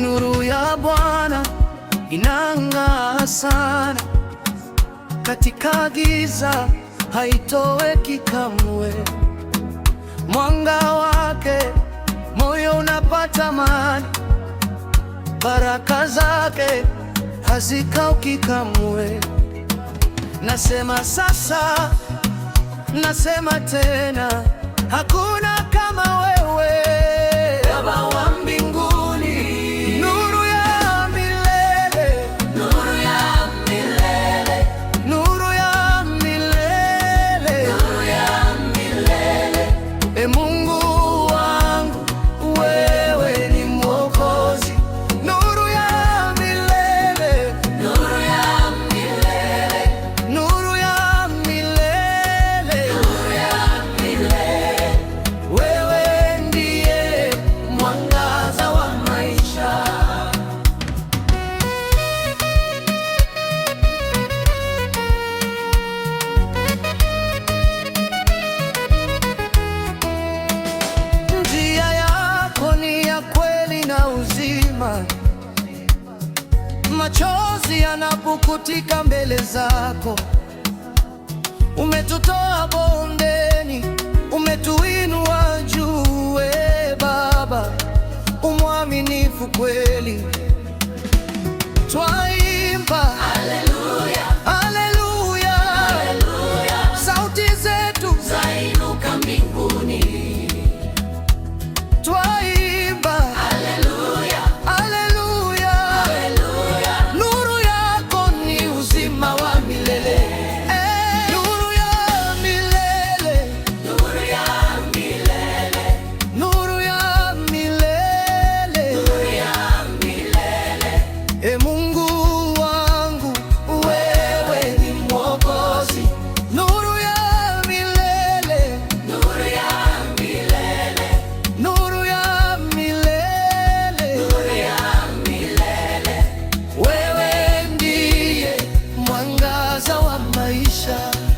Nuru ya Bwana inang'aa sana, katika giza haitoweki kamwe. Mwanga wake moyo unapata amani, baraka zake hazikauki kamwe. Nasema sasa, nasema tena, hakuna machozi yanapukutika mbele zako. Umetutoa bondeni, umetuinua juu. E Baba, umwaminifu kweli Twa mwangaza wa maisha